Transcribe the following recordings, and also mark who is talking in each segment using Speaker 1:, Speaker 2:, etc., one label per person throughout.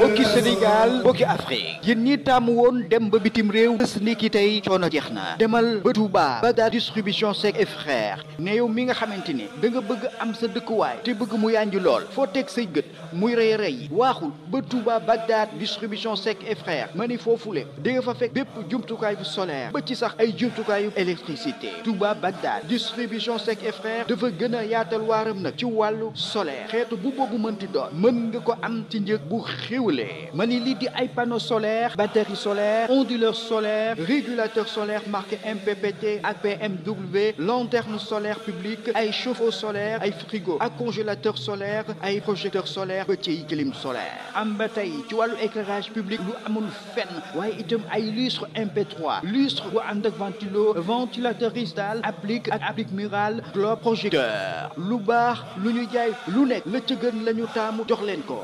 Speaker 1: bokki Sénégal bokki Afrique yéen ñi tàmm woon dem ba bitim réew bés ni ki tey coono jeex na demal ba Touba Bagdad distribution Seck et frère ne yow mi nga xamante ni da nga bëgg am sa dëkkuwaay te bëgg mu yànji lool foo teg say gët muy rey rey yi waaxul ba Touba Bagdad distribution Seck et frère ma ni foofule di nga fa fekk bépp jumtukaay bu solaire ba ci sax ay jumtukaayu électricité Touba Bagdad distribution Seck et frère dafa gën a yaatal waaram nag ci wàllu solaire xeetu bu kër bu xéwlee ma ni lii di ay panneau solaire batterie solaire onduleur solaire régulateur solaire marqué MPPT ak PMW lanterne solaire publique ay chauffe-eau solaire ay frigo ak congélateur solaire ay projecteur solaire petit clim solaire am ba tey ci wàllu éclairage public lu amul fenn waaye itam ay lustre MP3 lustre bu ànd ak ventilo ventilateur cristal applique ak applique murale globe projecteur lu baax lu ñu jaay lu nekk la ca gën la ñu taamu jox leen ko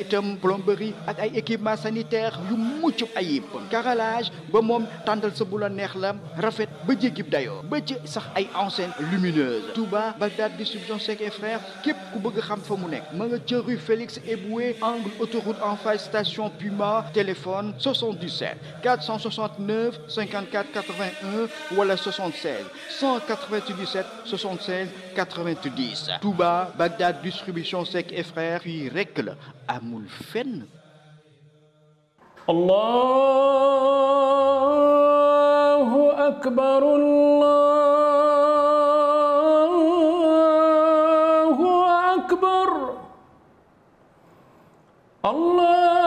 Speaker 1: itam plomberie ak ay équipement sanitaire yu mucc ayib carrelage ba moom tàndal sa bu la neex la rafet ba jéggib dayoo ba ci sax ay enseignes lumineuses Touba Bagdad distribution Seck et frères képp ku bëgg xam fa mu nekk ma nga ca rue Félix Éboué angle autoroute en face station Puma téléphone 77 469 54 81 wala 76 197 76 90 Touba Bagdad distribution Seck et frères fii rekk la amul fenn
Speaker 2: allahu akbar allahu akbar allah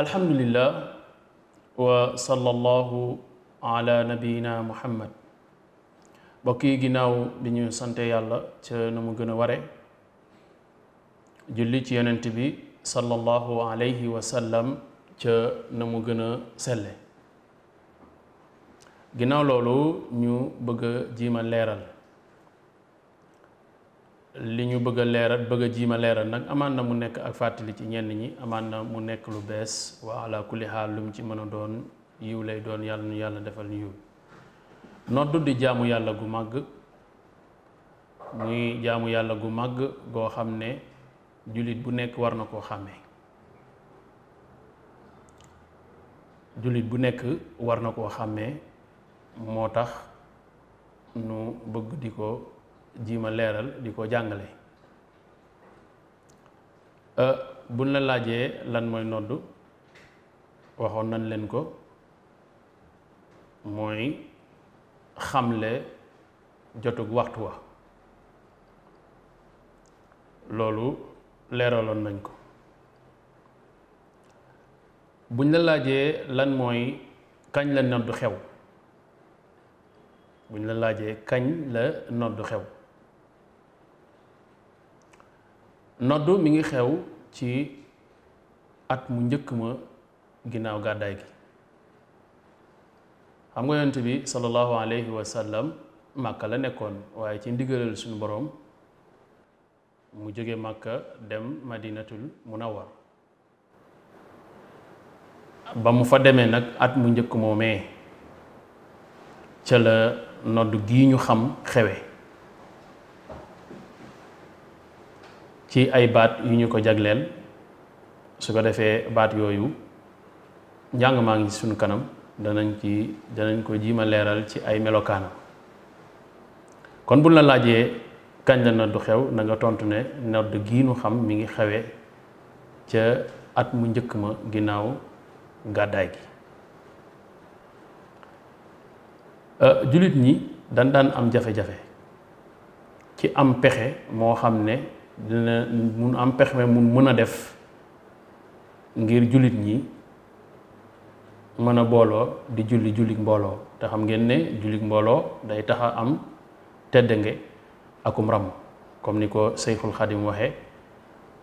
Speaker 2: alhamdulillah wa sallallahu ala nabiyina muhammad mbokk yi ginnaaw bi ñu sante yàlla ca na mu gën a ware julli ci yonent bi sallallahu alayhi wa ca na mu gën a selle ginnaaw loolu ñu bëgg a jiima leeral li ñu bëgg a leeral bëgga a jiima leeral nag amaan na mu nekk ak fàttali ci ñenn ñi amaan na mu nekk lu bees waa ala kulli xaal lu ci mën a doon yiw lay doon yàlla nu yàlla defal ñu yiw noddu di jaamu yàlla gu màgg muy jaamu yàlla gu màgg goo xam ne jullit bu nekk war na koo xàmmee jullit bu nekk war na koo xàmmee moo tax nu bëgg di ko jiima leeral di ko jàngale euh, buñ la laajee lan mooy noddu waxoon nañ leen ko mooy xamle jotug waxtu wa loolu leeraloon nañ ko buñ la laajee lan mooy kañ la noddu xew buñ la laajee kañ la noddu xew noddu mi ngi xew ci at mu njëkk ma ginnaaw gàddaay gi xam nga yonent bi sallallahu alayhi wa sallam màkka la nekkoon waaye ci ndigalal suñu boroom mu jóge màkka dem madinatul munawwar ba mu fa demee nag at mu njëkk moomee ca la nodd gi ñu xam xewe ci ay baat yu ñu ko jagleel su ko defee baat yooyu njàng maa ngi suñu kanam danañ ci danañ ko jiima leeral ci ay melokaanam kon buñ la laajee kañ la nodd xew na tontu ne nodd gii nu xam mu ngi xewe ca at mu njëkk ma ginnaaw gàddaay gi euh, jullit ñi dañ daan am jafe-jafe ci am pexe moo xam ne dina mun am pexe mun mën a def ngir jullit ñi mën a booloo di julli jullit mbooloo te xam ngeen ne jullit mbooloo day tax a am teddange akum ram comme ni ko Seyxul Xadim waxe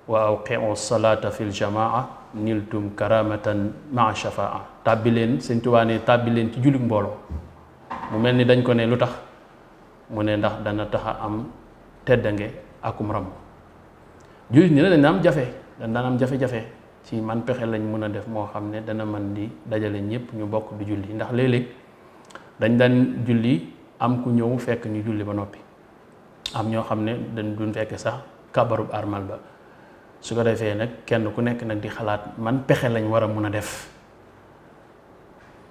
Speaker 2: wa awqiu salaata fil jamaa niltum karamatan maa shafaa tàbbi leen Sëñ Tuubaa tàbbi leen ci jullit mbooloo mu mel ni dañ ko ne lu tax mu ne ndax dana tax am teddange akum ram jullit ñi ne dañ am jafe dañ daan am jafe-jafe ci man pexe lañ mën a def moo xam ne dana man di dajale ñëpp ñu bokk di julli ndax léeg-léeg dañ daan julli am ku ñëw fekk ñu julli ba noppi am ñoo xam ne dañ duñ fekk sax kabarub armal ba su ko defee nag kenn ku nekk nag di xalaat man pexe lañ war a mun a def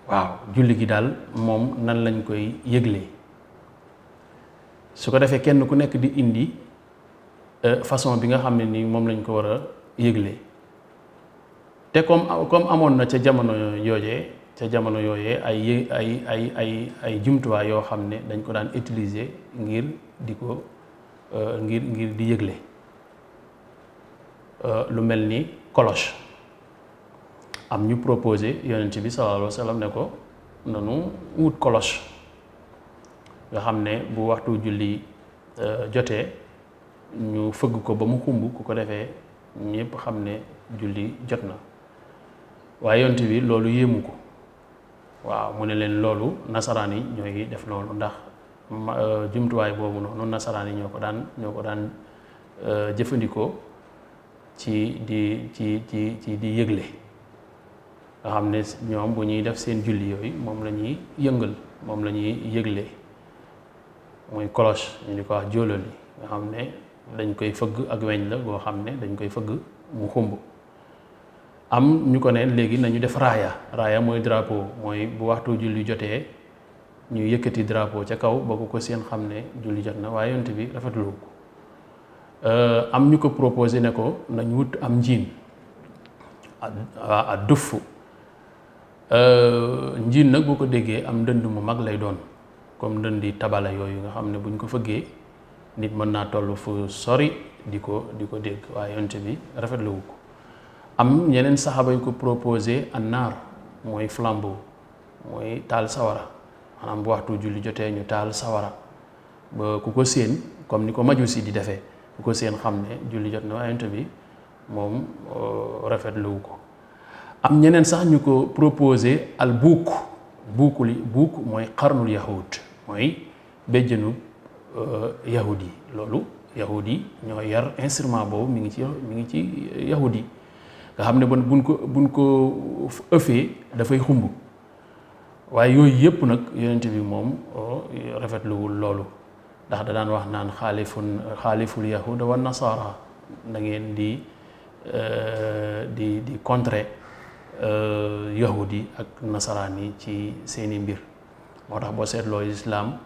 Speaker 2: waaw julli gi daal moom nan lañ koy yëglee su ko defee kenn ku nekk di indi Euh, façon bi nga xam ne nii moom lañ ko war a yëgle te comme comme amoon na ca jamono yooyee ca jamono yooyee ay ay ay ay jumtuwaay yoo xam ne dañ ko daan utilise ngir di ko euh, ngir ngir di yëgle euh, lu mel ni cloche am ñu propose yonent bi sallallahu alayhi ne ko nanu wut cloche nga xam ne bu waxtu julli jotee ñu fëgg ko ba mu xumb ku ko defee ñëpp xam ne julli jot na waaye yonte bi loolu yéemu ko waaw mu ne leen loolu nasaraan yi ñooy def loolu ndax euh, jumtuwaay boobu noonu nasaraan yi ñoo ko daan ñoo ko daan euh, jëfandikoo ci di ci ci ci di yëgle nga xam ne ñoom bu ñuy def seen julli yooyu moom la ñuy yëngal moom lañuy yëgle muy cloche ñu di ko wax jóolal yi nga xam ne dañ koy fëgg ak weñ la goo xam ne dañ koy fëgg mu xumb am ñu ko ne léegi nañu def raaya raaya mooy drapeau mooy bu waxtu julli jotee ñu yëkkati drapeau ca kaw ba ko seen xam ne julli jot na waaye yonte bi rafetlu ko am ñu ko proposé ne ko nañ wut am njiin a duff njiin nag boo ko déggee am ndënd mu mag lay doon comme yi tabala yooyu nga xam ne buñ ko fëggee nit mën naa toll fu sori di ko di ko dégg waaye yonte bi rafetlu wu ko am ñeneen saxaaba ko proposé an mooy flambeau mooy taal sawara maanaam bu julli jotee ñu taal sawara ba ku ko séen comme ni ko majusi di defee ku ko séen xam ne julli jot na waaye bi moom euh, rafetlu ko am ñeneen sax ñu ko proposé al buuk buuk buuk mooy xarnul yahud mooy béjjënu Euh, yahud yi loolu yahud yi ñoo yar instrument boobu mi ngi ci mi ngi ci euh, yahud yi nga xam ne bon buñ ko buñ ko ëffee dafay xumb waaye yooyu yëpp nag yonent bi moom euh, rafetluwul loolu ndax da daan wax naan xaalifun xaaliful yahuda wa nasaara da ngeen di di di contrer yahudi ak nasaraan yi ci seeni mbir moo tax boo seetloo islaam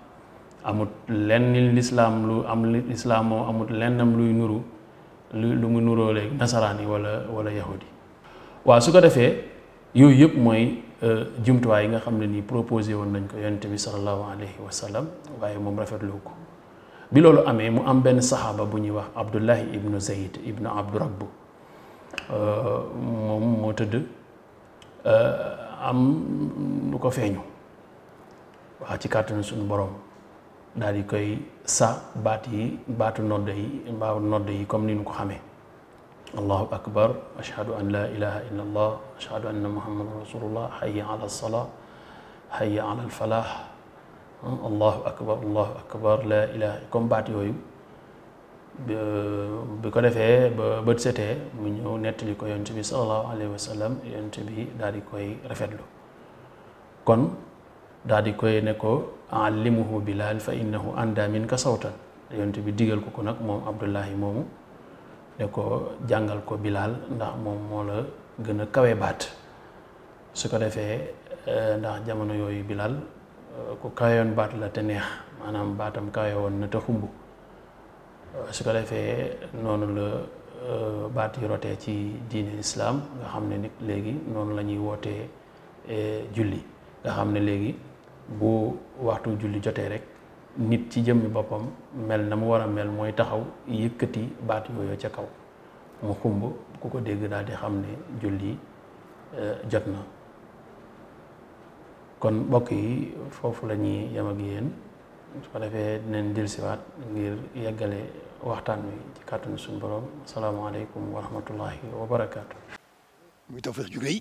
Speaker 2: amut lenn lislaam lu am lislaam amut lennam luy nuru lu lu mu nuroo léegi nasaraan yi wala wala yahudi waaw su ko defee yooyu yëpp mooy euh, jumtuwaay yi nga xam ne nii proposé woon nañ ko yonent bi sallallahu alayhi wa waaye moom rafetlu ko bi loolu amee mu am benn saxaaba bu ñuy wax Abdullahi ibnu Zayd ibnu Abdu Rabb euh, moom moo tëdd euh, am lu ko feeñu waaw ci kàttanu suñu borom. daal koy sa baat yi baatu nodd yi nodd yi comme ni ñu ko xamee allahu akbar ashhadu an la ilaha illa allah ashhadu anna muhammadan rasulullah hayya ala alsalaa hmm, akbar allahu akbar la ilaha comme baat yooyu bi ko defee ba bët mu ñëw nettali ko yonent bi sallallahu alayhi wa sallam yonent bi rafetlu kon daal di koy ne ko allimuhu bilal fa innahu anda ko sawtan yonent bi digal ko ko nag moom abdullahi moomu ne ko jàngal ko bilaal ndax moom moo la gën a kawe baat su ko defee eh, ndax jamono yooyu bilal eh, ku kawewoon baat la te neex maanaam baatam kawe woon na te xumb eh, su ko defee noonu la baat yi rotee ci diine islaam nga xam ne nit léegi noonu la ñuy wootee julli nga xam ne léegi bu waxtu julli jotee rek nit ci jëmm boppam mel na mu war a mel mooy taxaw yëkkati baat yooyu ca kaw mu xumb ku ko dégg daal di xam ne julli euh, jot na kon mbokk yi foofu la ñuy yem ak su ko defee dinañ dellusiwaat ngir yeggale waxtaan wi ci kàttanu suñu borom asalaamaaleykum wa rahmatullahi wa barakaatu. muy Tawfekh ju rëy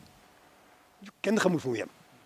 Speaker 2: kenn xamul fu yem.